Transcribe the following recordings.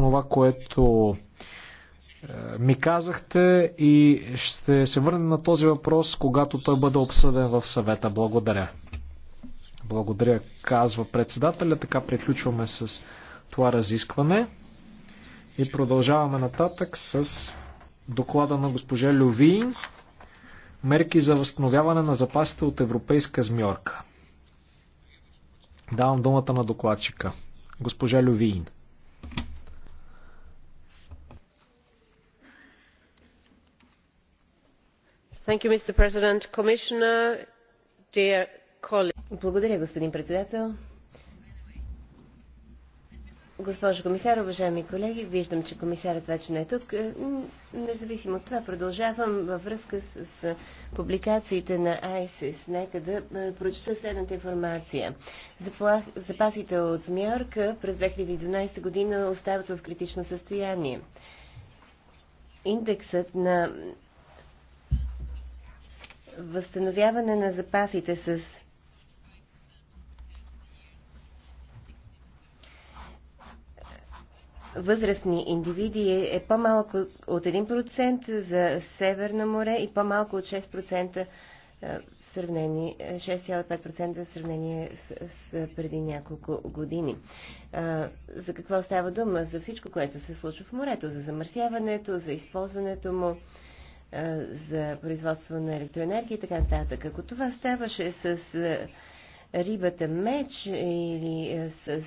онова, което е, ми казахте и ще се върнем на този въпрос, когато той бъде обсъден в съвета. Благодаря. Благодаря, казва председателя. Така приключваме с това разискване и продължаваме нататък с доклада на госпожа Лювин. Мерки за възстановяване на запасите от европейска змьорка. Давам думата на докладчика. Госпожа Лювин. mr president commissioner dear colleagues благодаря господин председател госпожо комисар уважаеми колеги виждам че комисарят вече не е тук независимо от това продължавам във връзка с, публикациите на ISIS нека да прочета следната информация запасите от змиорка през 2012 година остават в критично състояние индексът на възстановяване на запасите с възрастни индивиди е по-малко от 1% за Северно море и по-малко от 6% е, в сравнение, 6,5% в сравнение с, с преди няколко години. А, е, за какво става дума? За всичко, което се случва в морето, за замърсяването, за използването му, за производство на електроенергия и така нататък. Ако това ставаше с рибата меч или с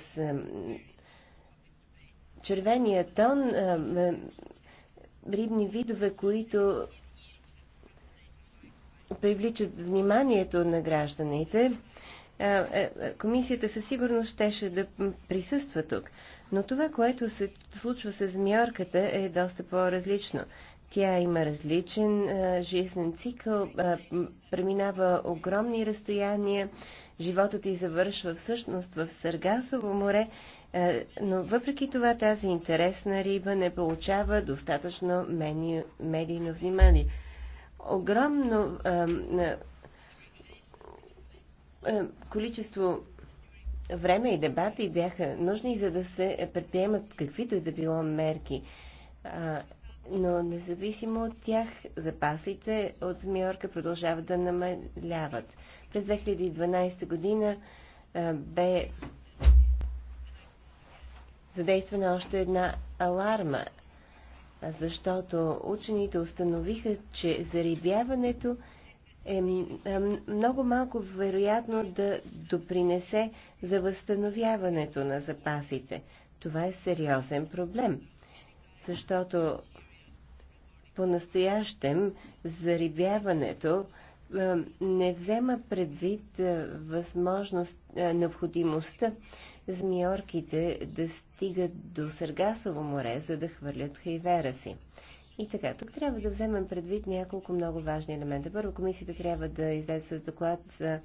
червения тон, рибни видове, които привличат вниманието на гражданите, комисията със сигурност щеше да присъства тук. Но това, което се случва с змиорката, е доста по-различно. Тя има различен а, жизнен цикъл, а, преминава огромни разстояния, животът й завършва всъщност в Саргасово море, а, но въпреки това тази интересна риба не получава достатъчно медийно, медийно внимание. Огромно а, а, количество време и дебати бяха нужни, за да се предприемат каквито и да било мерки. А, но независимо от тях, запасите от змиорка продължават да намаляват. През 2012 година бе задействана още една аларма, защото учените установиха, че зарибяването е много малко вероятно да допринесе за възстановяването на запасите. Това е сериозен проблем, защото по-настоящем зарибяването не взема предвид възможност, необходимостта змиорките да стигат до Съргасово море, за да хвърлят хайвера си. И така, тук трябва да вземем предвид няколко много важни елемента. Първо, комисията трябва да излезе с доклад за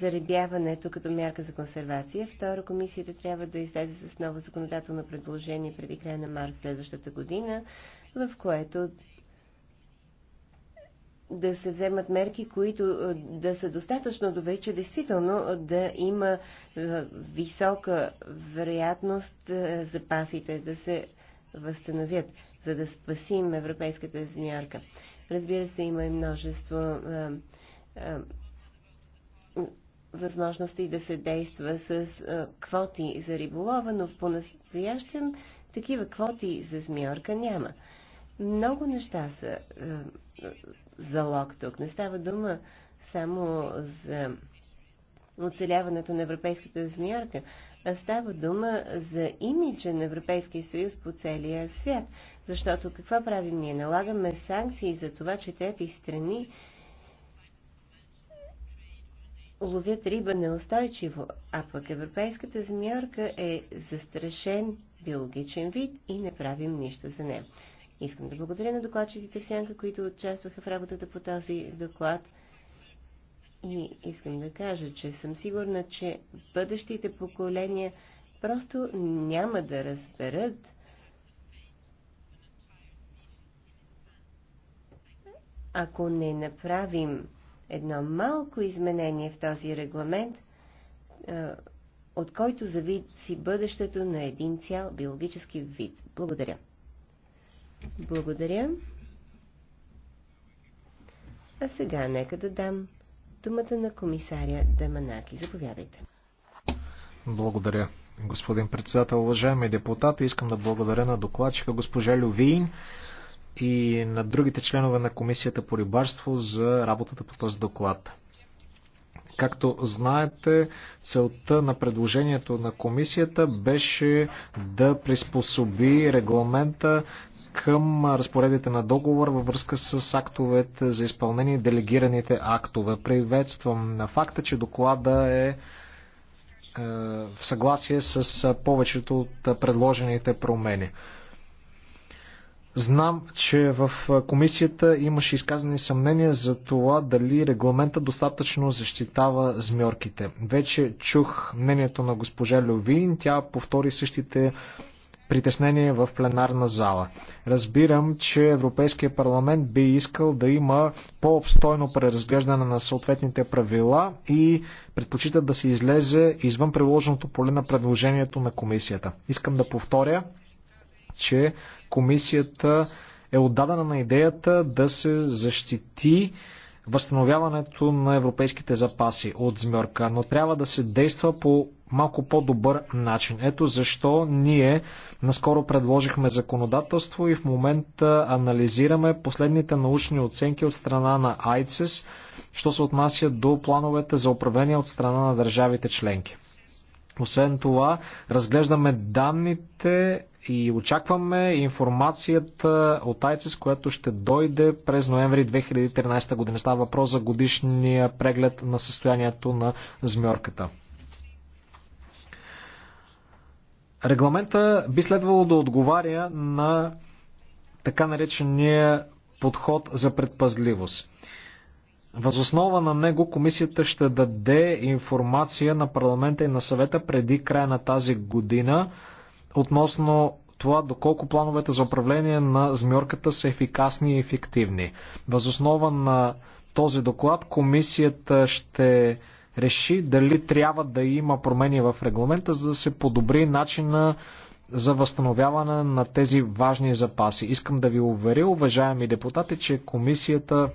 зарибяването като мярка за консервация. Второ, комисията трябва да излезе с ново законодателно предложение преди края на март следващата година, в което да се вземат мерки, които да са достатъчно добри, че действително да има висока вероятност запасите да се възстановят, за да спасим европейската земярка. Разбира се, има и множество възможности да се действа с а, квоти за риболова, но по-настоящем такива квоти за змиорка няма. Много неща са залог тук. Не става дума само за оцеляването на европейската змиорка, а става дума за имиджа на Европейския съюз по целия свят. Защото какво правим ние? Налагаме санкции за това, че трети страни ловят риба неустойчиво, а пък европейската змиорка е застрашен биологичен вид и не правим нищо за нея. Искам да благодаря на докладчиците в Сянка, които участваха в работата по този доклад. И искам да кажа, че съм сигурна, че бъдещите поколения просто няма да разберат ако не направим едно малко изменение в този регламент, от който зависи бъдещето на един цял биологически вид. Благодаря. Благодаря. А сега нека да дам думата на комисаря Даманаки. Заповядайте. Благодаря. Господин председател, уважаеми депутати, искам да благодаря на докладчика госпожа Лювин и на другите членове на Комисията по рибарство за работата по този доклад. Както знаете, целта на предложението на комисията беше да приспособи регламента към разпоредите на договор във връзка с актовете за изпълнение и делегираните актове. Приветствам на факта, че доклада е, е в съгласие с повечето от предложените промени. Знам, че в комисията имаше изказани съмнения за това дали регламента достатъчно защитава змьорките. Вече чух мнението на госпожа Льовин. тя повтори същите притеснение в пленарна зала. Разбирам, че Европейския парламент би искал да има по-обстойно преразглеждане на съответните правила и предпочита да се излезе извън приложеното поле на предложението на комисията. Искам да повторя, че комисията е отдадена на идеята да се защити възстановяването на европейските запаси от змьорка, но трябва да се действа по малко по-добър начин. Ето защо ние наскоро предложихме законодателство и в момента анализираме последните научни оценки от страна на ICES, що се отнася до плановете за управление от страна на държавите членки. Освен това, разглеждаме данните и очакваме информацията от ICES, която ще дойде през ноември 2013 година. Става въпрос за годишния преглед на състоянието на змьорката. Регламента би следвало да отговаря на така наречения подход за предпазливост. Възоснова на него комисията ще даде информация на парламента и на съвета преди края на тази година относно това доколко плановете за управление на змьорката са ефикасни и ефективни. Възоснова на този доклад комисията ще реши дали трябва да има промени в регламента, за да се подобри начина за възстановяване на тези важни запаси. Искам да ви уверя, уважаеми депутати, че комисията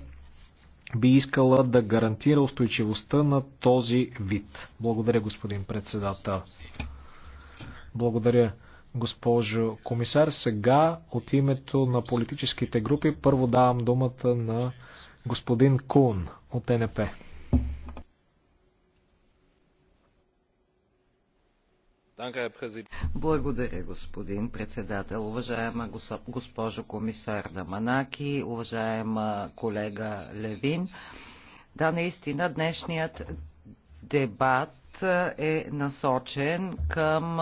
би искала да гарантира устойчивостта на този вид. Благодаря, господин председател. Благодаря, госпожо комисар. Сега от името на политическите групи първо давам думата на господин Кун от НП. Благодаря, господин председател. Уважаема госпожо комисар Даманаки, уважаема колега Левин. Да, наистина днешният дебат е насочен към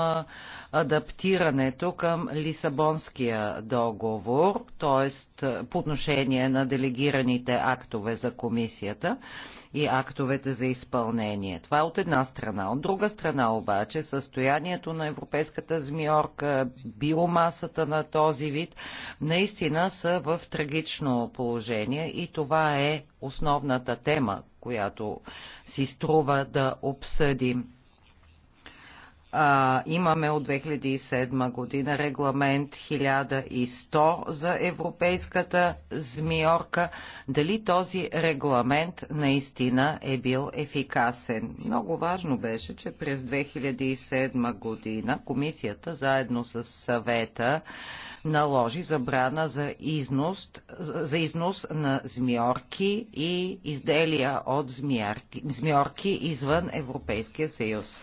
адаптирането към Лисабонския договор, т.е. по отношение на делегираните актове за комисията и актовете за изпълнение. Това е от една страна. От друга страна обаче състоянието на европейската змиорка, биомасата на този вид наистина са в трагично положение и това е основната тема, която си струва да обсъдим а, имаме от 2007 година регламент 1100 за европейската змиорка. Дали този регламент наистина е бил ефикасен? Много важно беше, че през 2007 година комисията заедно с съвета наложи забрана за износ, за износ на змиорки и изделия от змиорки, змиорки извън Европейския съюз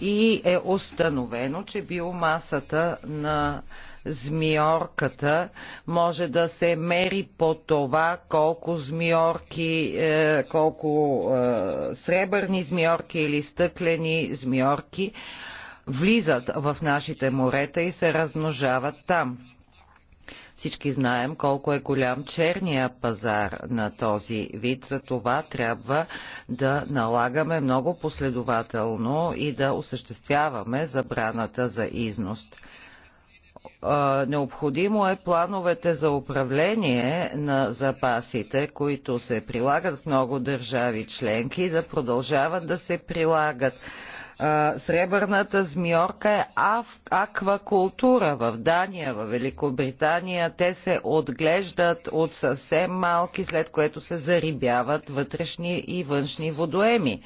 и е установено, че биомасата на змиорката може да се мери по това колко змиорки, е, колко е, сребърни змиорки или стъклени змиорки влизат в нашите морета и се размножават там. Всички знаем колко е голям черния пазар на този вид, за това трябва да налагаме много последователно и да осъществяваме забраната за износ необходимо е плановете за управление на запасите, които се прилагат в много държави членки, да продължават да се прилагат сребърната змиорка е аквакултура. В Дания, в Великобритания те се отглеждат от съвсем малки, след което се зарибяват вътрешни и външни водоеми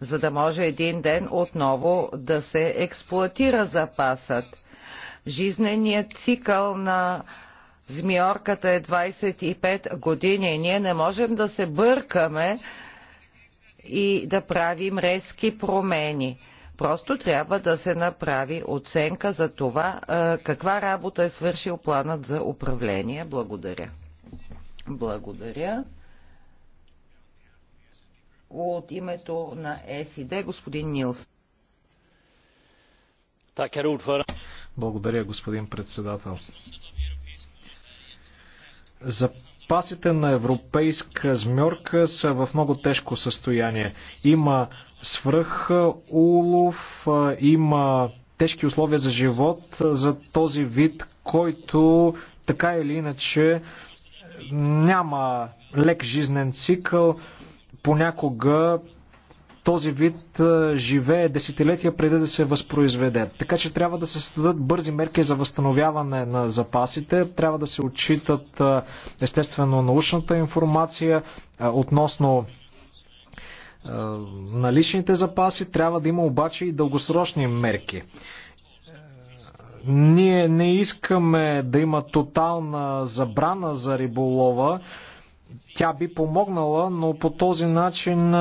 за да може един ден отново да се експлуатира запасът. Жизненият цикъл на змиорката е 25 години и ние не можем да се бъркаме и да правим резки промени. Просто трябва да се направи оценка за това е, каква работа е свършил планът за управление. Благодаря. Благодаря. От името на СИД господин Нилс. Благодаря, господин председател. За Запасите на европейска змьорка са в много тежко състояние. Има свръх улов, има тежки условия за живот за този вид, който така или иначе няма лек жизнен цикъл, понякога този вид живее десетилетия преди да се възпроизведе. Така че трябва да се създадат бързи мерки за възстановяване на запасите, трябва да се отчитат естествено научната информация относно наличните запаси, трябва да има обаче и дългосрочни мерки. Ние не искаме да има тотална забрана за риболова, тя би помогнала, но по този начин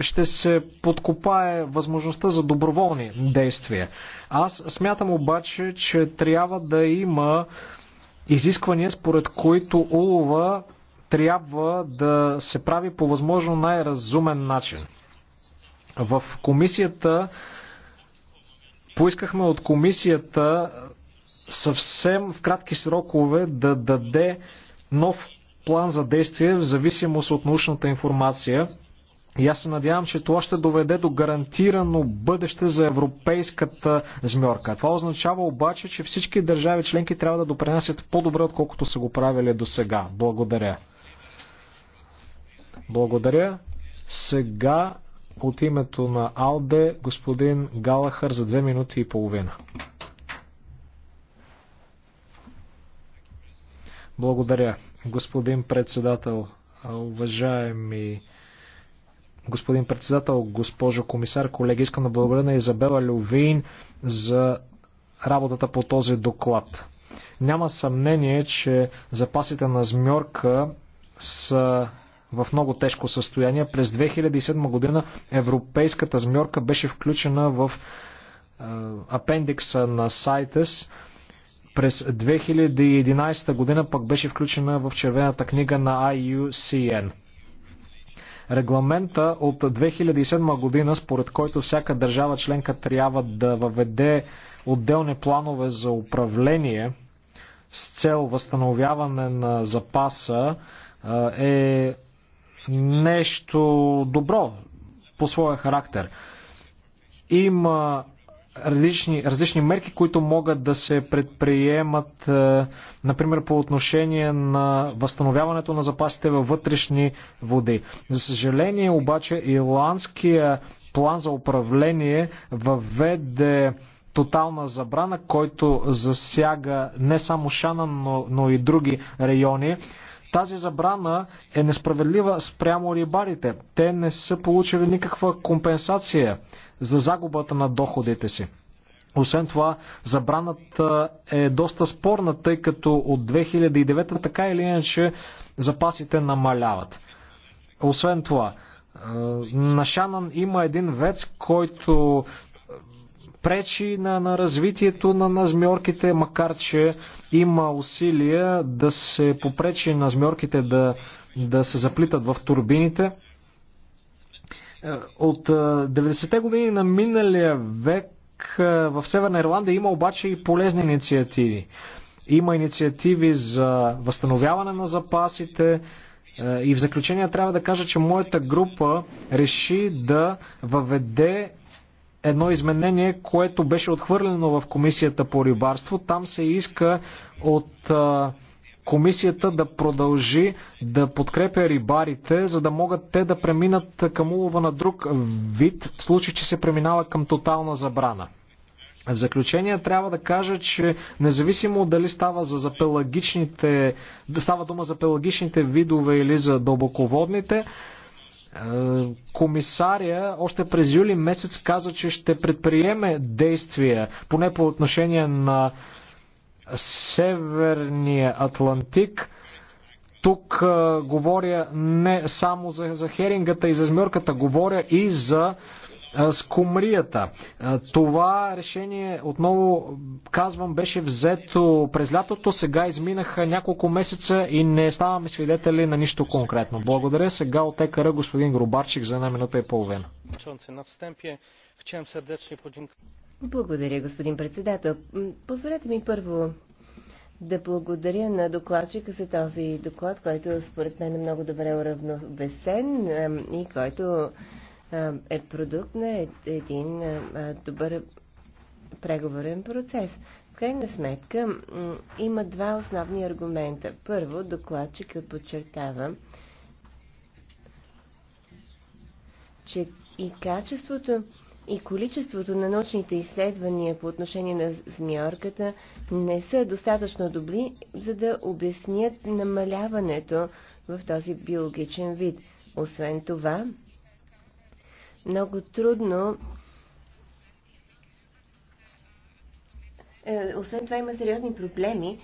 ще се подкопае възможността за доброволни действия. Аз смятам обаче, че трябва да има изисквания, според които улова трябва да се прави по възможно най-разумен начин. В комисията поискахме от комисията съвсем в кратки срокове да даде нов план за действие в зависимост от научната информация. И аз се надявам, че това ще доведе до гарантирано бъдеще за европейската змьорка. Това означава обаче, че всички държави членки трябва да допринасят по-добре, отколкото са го правили до сега. Благодаря. Благодаря. Сега от името на Алде господин Галахър за две минути и половина. Благодаря, господин председател, уважаеми господин председател, госпожо комисар, колеги. Искам да благодаря на Изабела Лювин за работата по този доклад. Няма съмнение, че запасите на змьорка са в много тежко състояние. През 2007 година европейската змьорка беше включена в апендикса на Сайтес. През 2011 година пък беше включена в червената книга на IUCN. Регламента от 2007 година, според който всяка държава членка трябва да въведе отделни планове за управление с цел възстановяване на запаса, е нещо добро по своя характер. Има различни, различни мерки, които могат да се предприемат, е, например, по отношение на възстановяването на запасите във вътрешни води. За съжаление, обаче, ирландския план за управление въведе тотална забрана, който засяга не само Шана, но, но и други райони. Тази забрана е несправедлива спрямо рибарите. Те не са получили никаква компенсация за загубата на доходите си. Освен това, забраната е доста спорна, тъй като от 2009 така или иначе запасите намаляват. Освен това, е, на Шанан има един вец, който пречи на, на развитието на, на змьорките, макар че има усилия да се попречи на змьорките да, да се заплитат в турбините. Е, от 90-те е, години на миналия век е, в Северна Ирландия има обаче и полезни инициативи. Има инициативи за възстановяване на запасите, и в заключение трябва да кажа, че моята група реши да въведе едно изменение, което беше отхвърлено в Комисията по рибарство. Там се иска от комисията да продължи да подкрепя рибарите, за да могат те да преминат към улова на друг вид, в случай, че се преминава към тотална забрана. В заключение трябва да кажа, че независимо дали става, за, за пелагичните, става дума за пелагичните видове или за дълбоководните, е, Комисаря още през юли месец каза, че ще предприеме действия, поне по отношение на Северния Атлантик. Тук а, е, говоря не само за, за херингата и за змьорката, говоря и за а, с комрията. Това решение, отново казвам, беше взето през лятото, сега изминаха няколко месеца и не ставаме свидетели на нищо конкретно. Благодаря сега от ЕКР господин Грубарчик за една минута и половина. Благодаря, господин председател. Позволете ми първо да благодаря на докладчика за този доклад, който според мен е много добре уравновесен и който е, е продукт на е, един е, добър преговорен процес. В крайна сметка има два основни аргумента. Първо, докладчикът подчертава, че и качеството, и количеството на научните изследвания по отношение на змиорката не са достатъчно добри, за да обяснят намаляването в този биологичен вид. Освен това, много трудно. Е, освен това има сериозни проблеми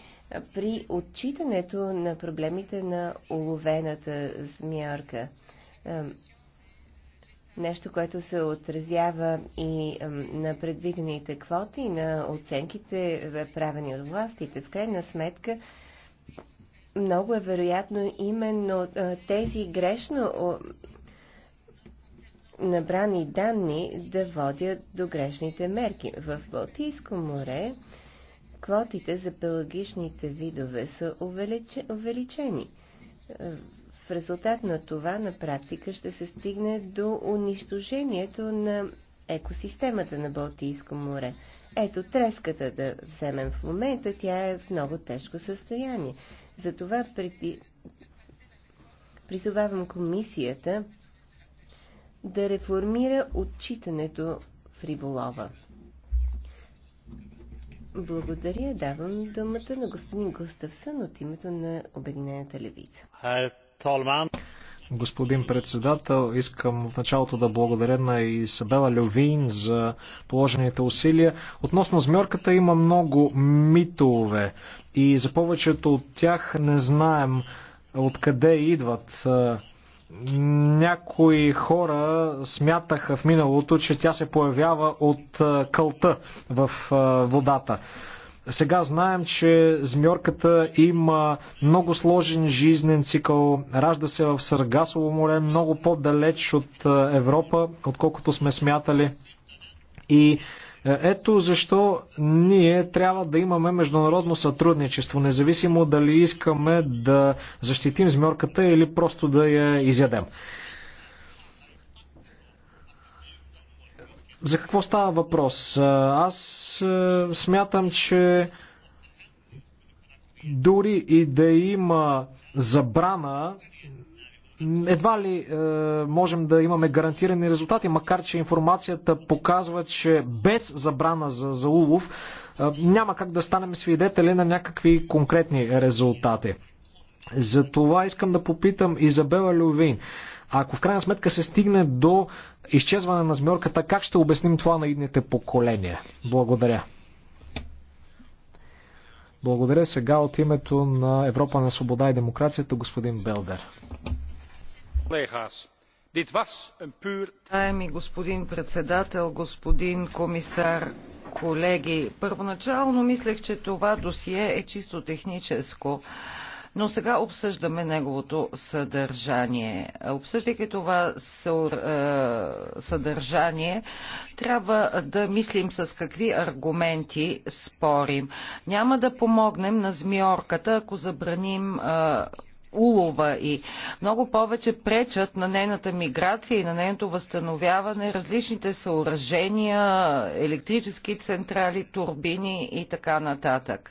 при отчитането на проблемите на уловената змиорка. Е, нещо, което се отразява и е, на предвидените квоти, на оценките, правени от властите. В крайна сметка, много е вероятно именно тези грешно набрани данни да водят до грешните мерки. В Балтийско море квотите за пелагичните видове са увеличени. В резултат на това на практика ще се стигне до унищожението на екосистемата на Балтийско море. Ето треската да вземем в момента, тя е в много тежко състояние. Затова преди... призовавам комисията да реформира отчитането в риболова. Благодаря. Давам думата на господин Густавсън от името на Обединената левица. Господин председател, искам в началото да благодаря на Исабела Левин за положените усилия. Относно змьорката има много митове и за повечето от тях не знаем откъде идват някои хора смятаха в миналото, че тя се появява от кълта в водата. Сега знаем, че змьорката има много сложен жизнен цикъл, ражда се в Саргасово море, много по-далеч от Европа, отколкото сме смятали. И е, ето защо ние трябва да имаме международно сътрудничество, независимо дали искаме да защитим змьорката или просто да я изядем. За какво става въпрос? Е, аз е, смятам, че дори и да има забрана едва ли е, можем да имаме гарантирани резултати, макар че информацията показва, че без забрана за, за улов е, няма как да станем свидетели на някакви конкретни резултати. За това искам да попитам Изабела Лювин. Ако в крайна сметка се стигне до изчезване на змьорката, как ще обясним това на идните поколения? Благодаря. Благодаря сега от името на Европа на свобода и демокрацията господин Белдер. Уважаеми господин председател, господин комисар, колеги! Първоначално мислех, че това досие е чисто техническо, но сега обсъждаме неговото съдържание. Обсъждайки това е, съдържание, трябва да мислим с какви аргументи спорим. Няма да помогнем на змиорката, ако забраним е, улова и много повече пречат на нейната миграция и на нейното възстановяване различните съоръжения, електрически централи, турбини и така нататък.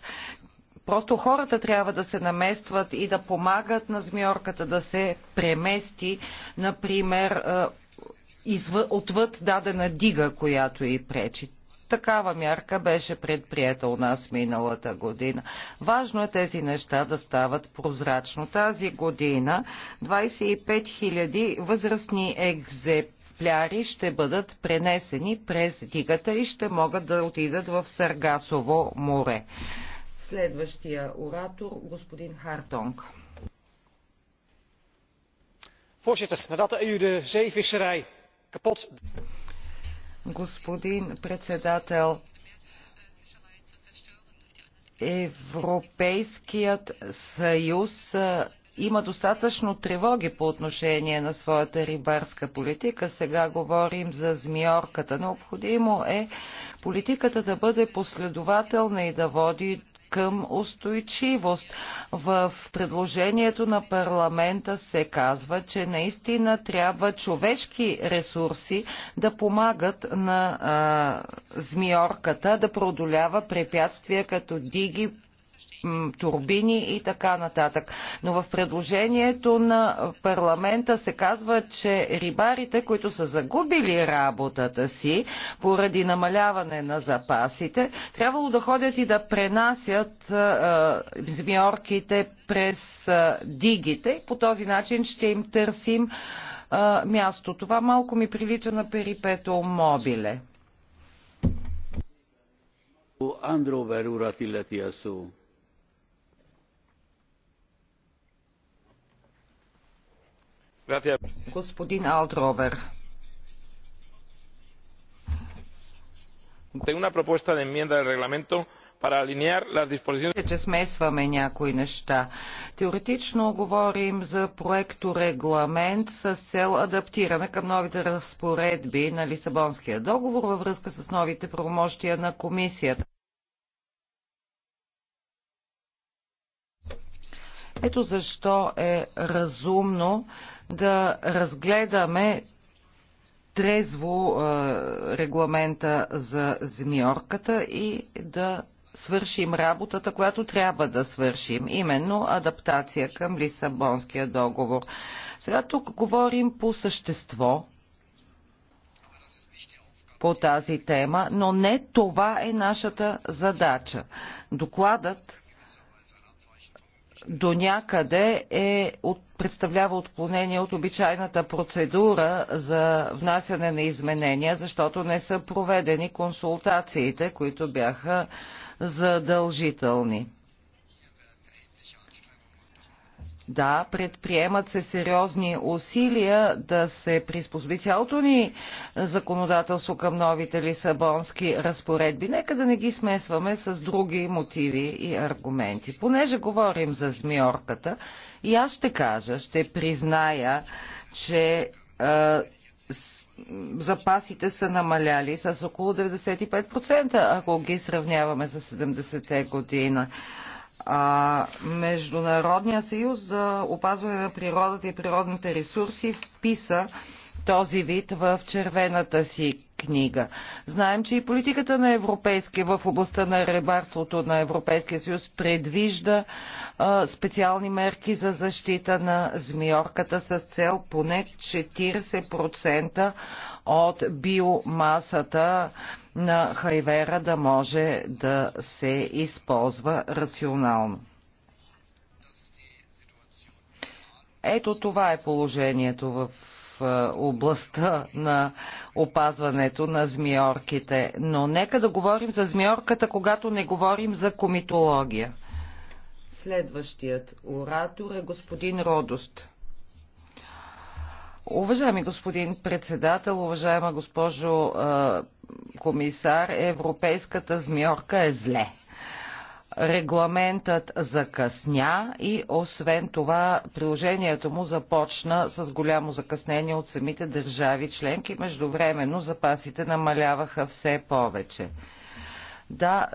Просто хората трябва да се наместват и да помагат на змиорката да се премести, например, е, отвъд дадена дига, която и пречи. Такава мярка беше предприета у нас миналата година. Важно е тези неща да стават прозрачно. Тази година 25 000 възрастни екзепти екземпляри ще бъдат пренесени през дигата и ще могат да отидат в Саргасово море. Следващия оратор, господин Хартонг. Voorzitter, nadat de EU de zeevisserij kapot. Господин председател, Европейският съюз има достатъчно тревоги по отношение на своята рибарска политика. Сега говорим за змиорката. Необходимо е политиката да бъде последователна и да води към устойчивост. В предложението на парламента се казва, че наистина трябва човешки ресурси да помагат на а, змиорката да продолява препятствия като диги, турбини и така нататък. Но в предложението на парламента се казва, че рибарите, които са загубили работата си поради намаляване на запасите, трябвало да ходят и да пренасят змиорките през е, дигите. По този начин ще им търсим място. Това малко ми прилича на перипето мобиле. Androver urat illeti Господин Алдровер. Tengo una propuesta de enmienda del reglamento para alinear las disposiciones. Е, че смесваме някои неща. Теоретично говорим за проекто регламент с цел адаптиране към новите разпоредби на Лисабонския договор във връзка с новите правомощия на комисията. Ето защо е разумно да разгледаме трезво регламента за змиорката и да свършим работата, която трябва да свършим, именно адаптация към Лисабонския договор. Сега тук говорим по същество по тази тема, но не това е нашата задача. Докладът до някъде е от, представлява отклонение от обичайната процедура за внасяне на изменения, защото не са проведени консултациите, които бяха задължителни. Да, предприемат се сериозни усилия да се приспособи цялото ни законодателство към новите лисабонски разпоредби. Нека да не ги смесваме с други мотиви и аргументи. Понеже говорим за змиорката, и аз ще кажа, ще призная, че запасите са намаляли с около 95%, ако ги сравняваме с 70-те година а, Международния съюз за опазване на природата и природните ресурси вписа този вид в червената си книга. Знаем, че и политиката на Европейския в областта на рибарството на Европейския съюз предвижда а, специални мерки за защита на змиорката с цел поне 40% от биомасата на хайвера да може да се използва рационално. Ето това е положението в е, областта на опазването на змиорките. Но нека да говорим за змиорката, когато не говорим за комитология. Следващият оратор е господин Родост. Уважаеми господин председател, уважаема госпожо е, комисар, европейската змиорка е зле регламентът закъсня и освен това приложението му започна с голямо закъснение от самите държави членки. Междувременно запасите намаляваха все повече. Да,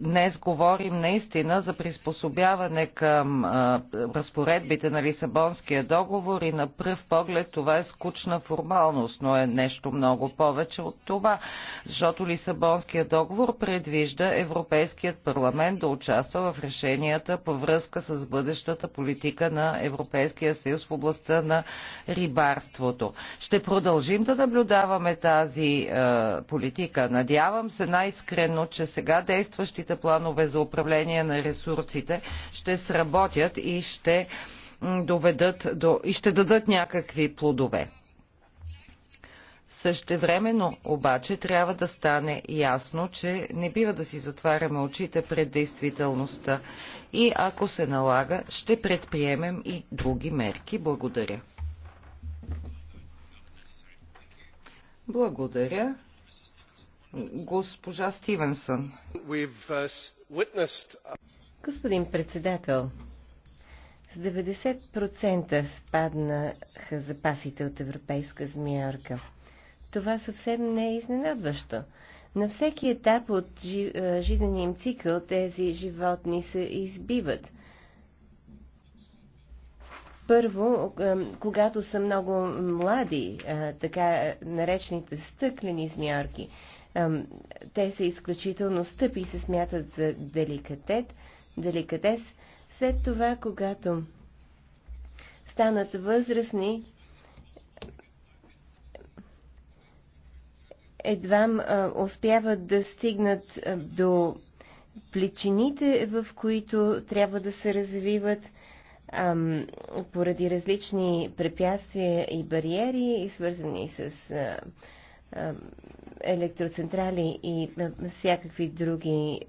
днес говорим наистина за приспособяване към а, разпоредбите на Лисабонския договор и на пръв поглед това е скучна формалност, но е нещо много повече от това, защото Лисабонския договор предвижда Европейският парламент да участва в решенията по връзка с бъдещата политика на Европейския съюз в областта на рибарството. Ще продължим да наблюдаваме тази а, политика. Надявам се най-искрено, че сега действащите европейските планове за управление на ресурсите ще сработят и ще, доведат до, и ще дадат някакви плодове. Същевременно обаче трябва да стане ясно, че не бива да си затваряме очите пред действителността и ако се налага, ще предприемем и други мерки. Благодаря. Благодаря. Госпожа Стивенсън. Uh, Господин председател, с 90% спаднаха запасите от европейска змиорка. Това съвсем не е изненадващо. На всеки етап от жи... Е, жизнения им цикъл тези животни се избиват. Първо, е, когато са много млади, е, така наречените стъклени змиорки, те са изключително стъпи и се смятат за деликатет, деликатес. След това, когато станат възрастни, едва успяват да стигнат до плечините, в които трябва да се развиват ам, поради различни препятствия и бариери, свързани с е, електроцентрали и е, всякакви други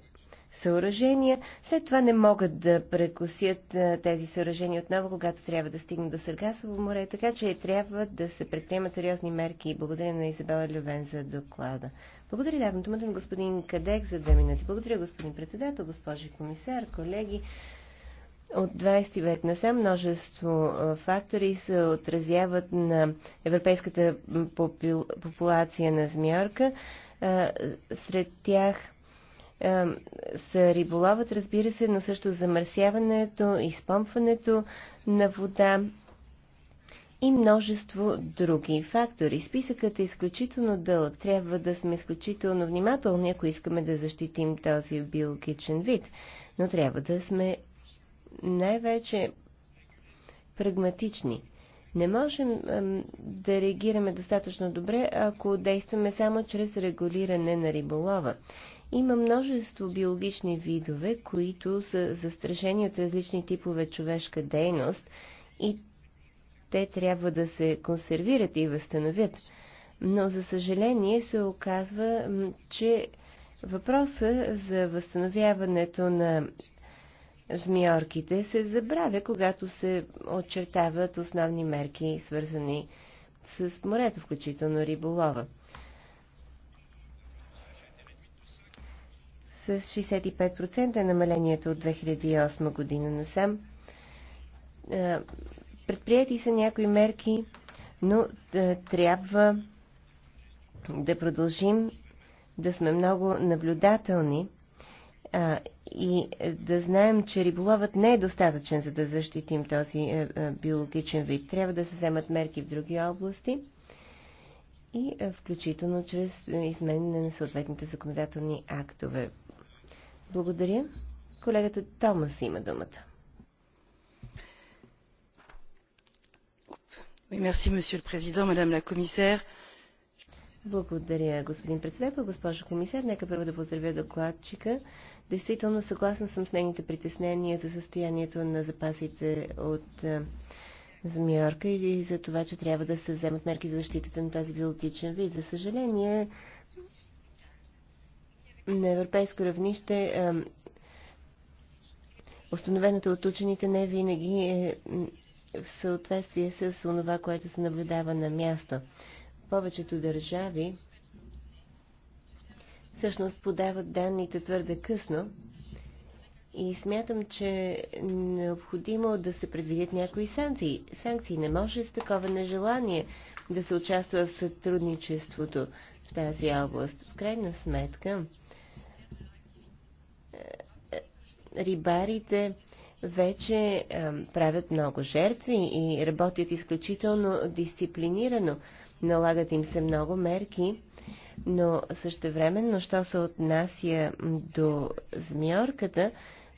съоръжения. След това не могат да прекусят е, тези съоръжения отново, когато трябва да стигнат до Съргасово море, така че трябва да се предприемат сериозни мерки. Благодаря на Изабела Лювен за доклада. Благодаря, давам думата на господин Кадек за две минути. Благодаря, господин председател, госпожи комисар, колеги. От 20 век насам множество фактори се отразяват на европейската популация на змиорка. Сред тях са риболовът, разбира се, но също замърсяването, изпомпването на вода и множество други фактори. Списъкът е изключително дълъг. Трябва да сме изключително внимателни, ако искаме да защитим този биологичен вид, но трябва да сме най-вече прагматични. Не можем да реагираме достатъчно добре, ако действаме само чрез регулиране на риболова. Има множество биологични видове, които са застрашени от различни типове човешка дейност и те трябва да се консервират и възстановят. Но, за съжаление, се оказва, че въпроса за възстановяването на змиорките се забравя, когато се очертават основни мерки, свързани с морето, включително риболова. С 65% е намалението от 2008 година насам. Е, Предприяти са някои мерки, но е, трябва да продължим да сме много наблюдателни е, и е, да знаем, че риболовът не е достатъчен, за да защитим този е, е, биологичен вид. Трябва да се вземат мерки в други области и включително чрез изменение на съответните законодателни актове. Благодаря. Колегата Томас има думата. merci, Monsieur le Président, Madame la Commissaire. Благодаря, господин председател. Госпожо комисар, нека първо да поздравя докладчика. Действително съгласна съм с нейните притеснения за състоянието на запасите от е, змиорка и за това, че трябва да се вземат мерки за защитата на този биологичен вид. За съжаление, на европейско равнище е, установеното от учените не винаги е в съответствие с това, което се наблюдава на място повечето държави всъщност подават данните твърде късно и смятам, че е необходимо да се предвидят някои санкции. Санкции не може с такова нежелание да се участва в сътрудничеството в тази област. В крайна сметка, е, е, рибарите вече е, правят много жертви и работят изключително дисциплинирано налагат им се много мерки, но същевременно, що се отнася до змиорката,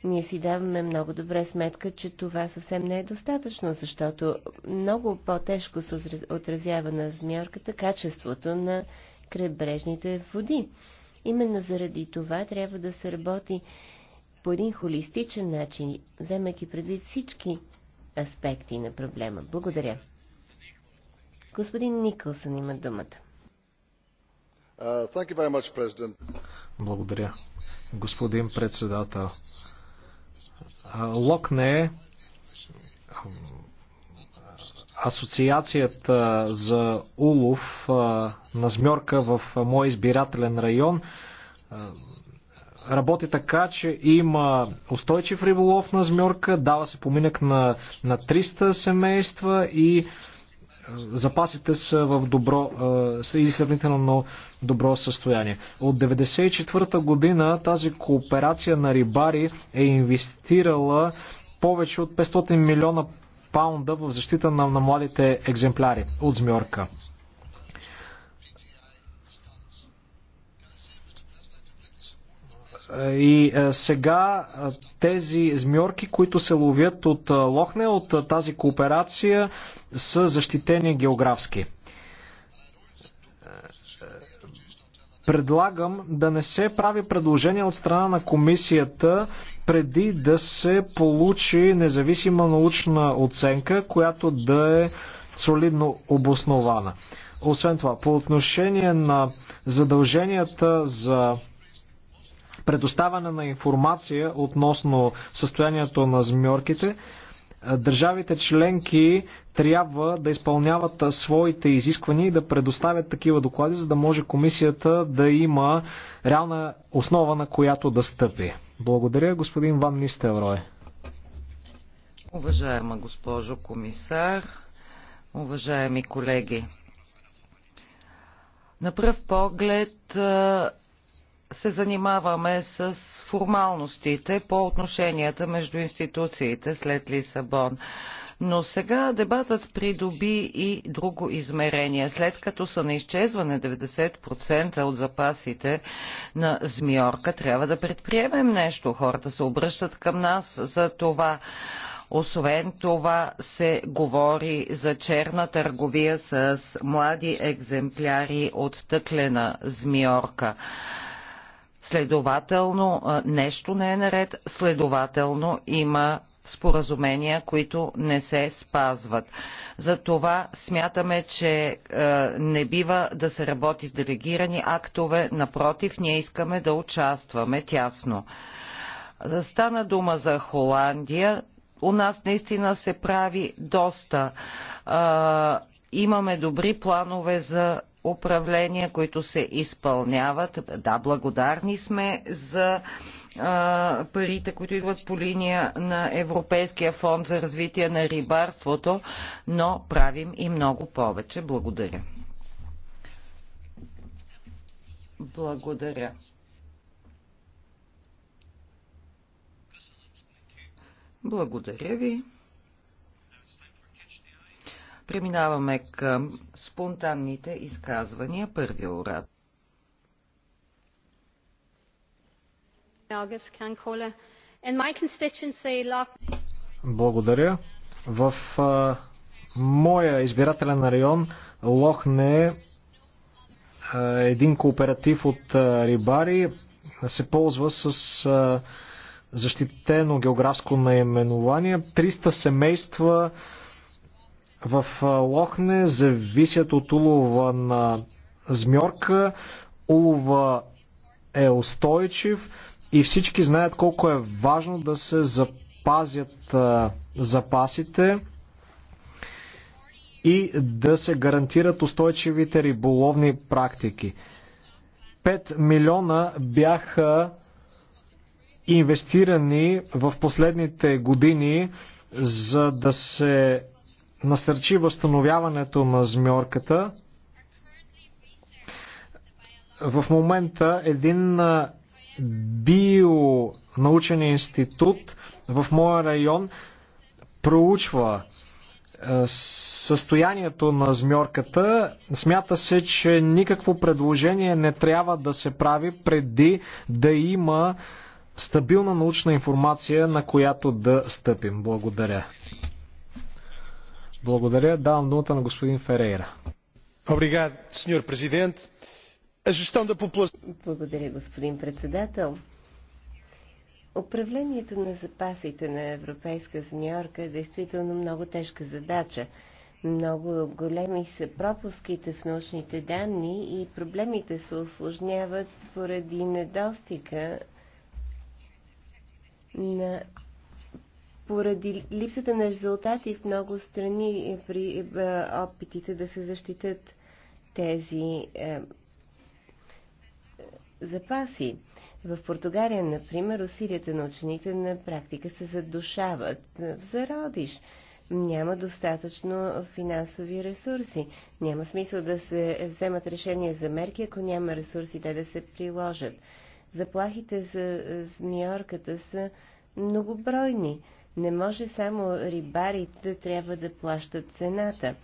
ние си даваме много добре сметка, че това съвсем не е достатъчно, защото много по-тежко се отразява на змиорката качеството на крайбрежните води. Именно заради това трябва да се работи по един холистичен начин, вземайки предвид всички аспекти на проблема. Благодаря. Господин Никълсън има думата. Благодаря. Господин председател, Лок не е асоциацията за улов на змьорка в мой избирателен район работи така, че има устойчив риболов на змьорка, дава се поминък на, на 300 семейства и запасите са в добро са и сравнително добро състояние. От 1994 година тази кооперация на рибари е инвестирала повече от 500 милиона паунда в защита на, на младите екземпляри от змьорка. И сега тези змьорки, които се ловят от Лохне, от тази кооперация, са защитени географски. Предлагам да не се прави предложение от страна на комисията преди да се получи независима научна оценка, която да е солидно обоснована. Освен това, по отношение на задълженията за предоставяне на информация относно състоянието на змьорките, държавите членки трябва да изпълняват своите изисквания и да предоставят такива доклади, за да може комисията да има реална основа, на която да стъпи. Благодаря, господин Ван Нистелрой. Уважаема госпожо комисар, уважаеми колеги, на пръв поглед се занимаваме с формалностите по отношенията между институциите след Лисабон. Но сега дебатът придоби и друго измерение. След като са на изчезване 90% от запасите на змиорка, трябва да предприемем нещо. Хората се обръщат към нас за това. Освен това се говори за черна търговия с млади екземпляри от тъклена змиорка. Следователно нещо не е наред, следователно има споразумения, които не се спазват. Затова смятаме, че е, не бива да се работи с делегирани актове, напротив, ние искаме да участваме тясно. Стана дума за Холандия. У нас наистина се прави доста. Е, имаме добри планове за управления, които се изпълняват. Да, благодарни сме за парите, които идват по линия на Европейския фонд за развитие на рибарството, но правим и много повече. Благодаря. Благодаря. Благодаря ви. Преминаваме към спонтанните изказвания. Първи урад. Благодаря. В а, моя избирателен район Лохне е един кооператив от а, рибари се ползва с а, защитено географско наименование. 300 семейства а, в Лохне зависят от улова на змьорка. Улова е устойчив и всички знаят колко е важно да се запазят запасите и да се гарантират устойчивите риболовни практики. 5 милиона бяха инвестирани в последните години, за да се насърчи възстановяването на змьорката. В момента един бионаучен институт в моя район проучва състоянието на змьорката. Смята се, че никакво предложение не трябва да се прави преди да има стабилна научна информация, на която да стъпим. Благодаря. Благодаря. Давам думата на господин Ферейра. Благодаря, господин председател. Управлението на запасите на Европейска зниорка е действително много тежка задача. Много големи са пропуските в научните данни и проблемите се осложняват поради недостига на поради липсата на резултати в много страни е при е, е, опитите да се защитят тези е, запаси. В Португалия, например, усилията на учените на практика се задушават в зародиш. Няма достатъчно финансови ресурси. Няма смисъл да се вземат решения за мерки, ако няма ресурси те да се приложат. Заплахите за змиорката са многобройни. Не може само рибарите трябва да плащат цената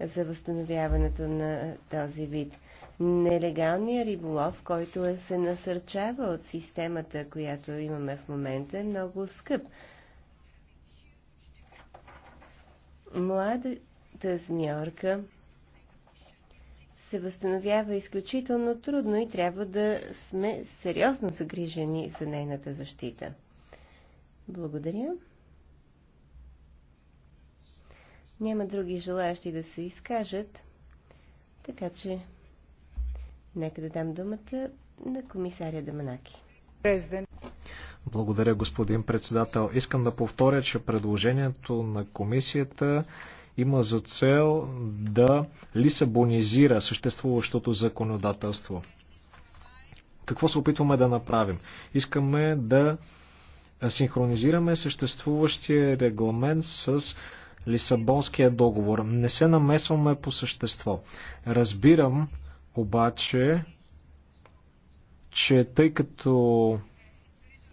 за възстановяването на този вид. Нелегалният риболов, който е- се насърчава от системата, която имаме в момента, е много скъп. Младата змиорка се възстановява изключително трудно и трябва да сме сериозно загрижени за нейната защита. Благодаря. Няма други желаящи да се изкажат, така че нека да дам думата на комисаря Даманаки. Благодаря, господин председател. Искам да повторя, че предложението на комисията има за цел да лисабонизира съществуващото законодателство. Какво се опитваме да направим? Искаме да синхронизираме съществуващия регламент с Лисабонския договор. Не се намесваме по същество. Разбирам обаче, че тъй като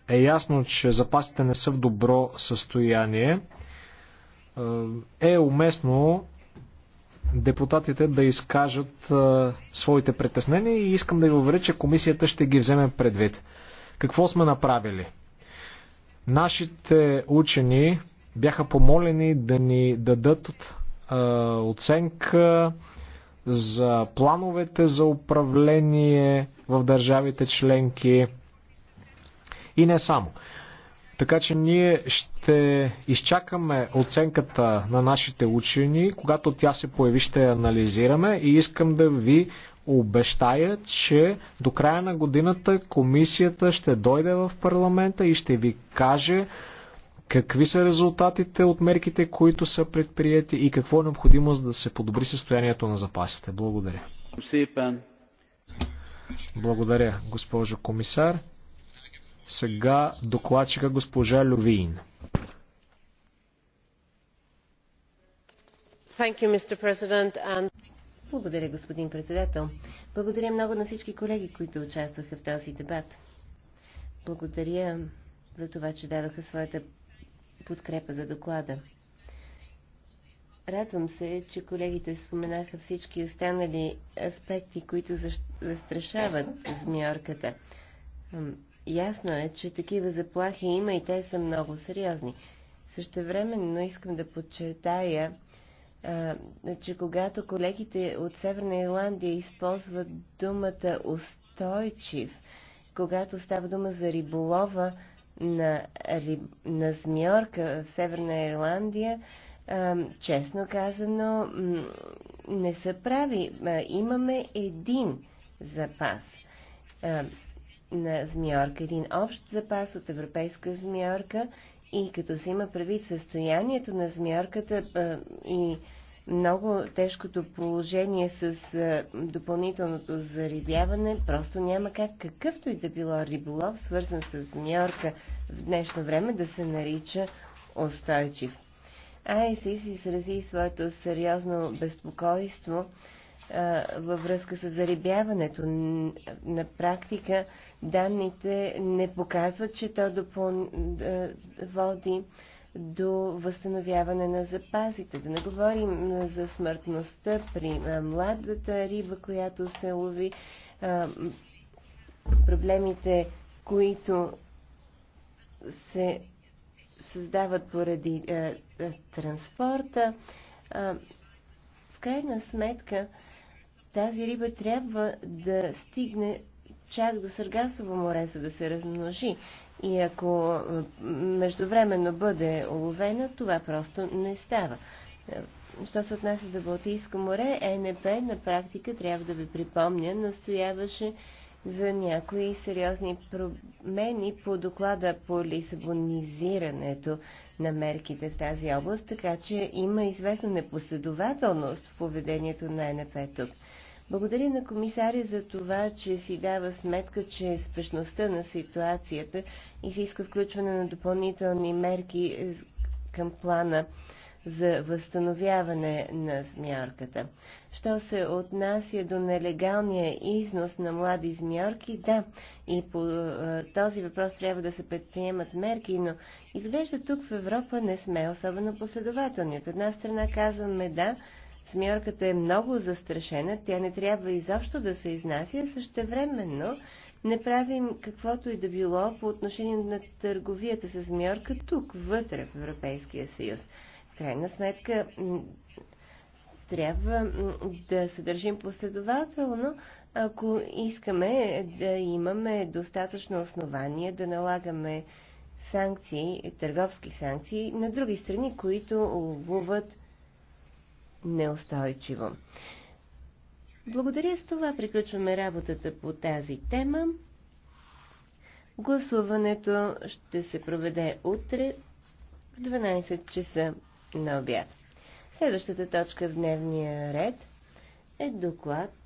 е ясно, че запасите не са в добро състояние, е, е уместно депутатите да изкажат своите притеснения и искам да ви уверя, че комисията ще ги вземе предвид. Какво сме направили? Нашите учени бяха помолени да ни дадат е, оценка за плановете за управление в държавите членки и не само. Така че ние ще изчакаме оценката на нашите учени. Когато тя се появи, ще я анализираме и искам да ви обещая, че до края на годината комисията ще дойде в парламента и ще ви каже Какви са резултатите от мерките, които са предприяти и какво е необходимо за да се подобри състоянието на запасите? Благодаря. Благодаря, госпожо комисар. Сега докладчика госпожа Лювин. Благодаря, господин председател. Благодаря много на всички колеги, които участваха в този дебат. Благодаря за това, че дадоха своята подкрепа за доклада. Радвам се, че колегите споменаха всички останали аспекти, които застрашават змиорката. Ясно е, че такива заплахи има и те са много сериозни. Същевременно искам да подчертая, че когато колегите от Северна Ирландия използват думата устойчив, когато става дума за риболова, на, на змиорка в Северна Ирландия, честно казано, не са прави. Имаме един запас на змиорка, един общ запас от европейска змиорка и като се има правит състоянието на змиорката и много тежкото положение с допълнителното зарибяване. Просто няма как какъвто и да било риболов, свързан с Нью-Йорка в днешно време, да се нарича устойчив. АСИС изрази своето сериозно безпокойство а, във връзка с зарибяването. На практика данните не показват, че то допъл... води до възстановяване на запасите. Да не говорим за смъртността при младата риба, която се лови, проблемите, които се създават поради транспорта. В крайна сметка, тази риба трябва да стигне чак до Съргасово море, за да се размножи. И ако е, междувременно бъде оловена, това просто не става. Е, що се отнася до Балтийско море, ЕНП на практика, трябва да ви припомня, настояваше за някои сериозни промени по доклада по лисабонизирането на мерките в тази област, така че има известна непоследователност в поведението на ЕНП тук. Благодаря на комисаря за това, че си дава сметка, че спешността на ситуацията изиска включване на допълнителни мерки е, към плана за възстановяване на змиорката. Що се отнася до нелегалния износ на млади змиорки, да, и по е, този въпрос трябва да се предприемат мерки, но изглежда тук в Европа не сме особено последователни. От една страна казваме да, Смярката е много застрашена, тя не трябва изобщо да се изнася, същевременно не правим каквото и да било по отношение на търговията с мьорка тук, вътре в Европейския съюз. В крайна сметка трябва да се държим последователно, ако искаме да имаме достатъчно основание да налагаме санкции, търговски санкции на други страни, които ловуват неустойчиво. Благодаря с това приключваме работата по тази тема. Гласуването ще се проведе утре в 12 часа на обяд. Следващата точка в дневния ред е доклад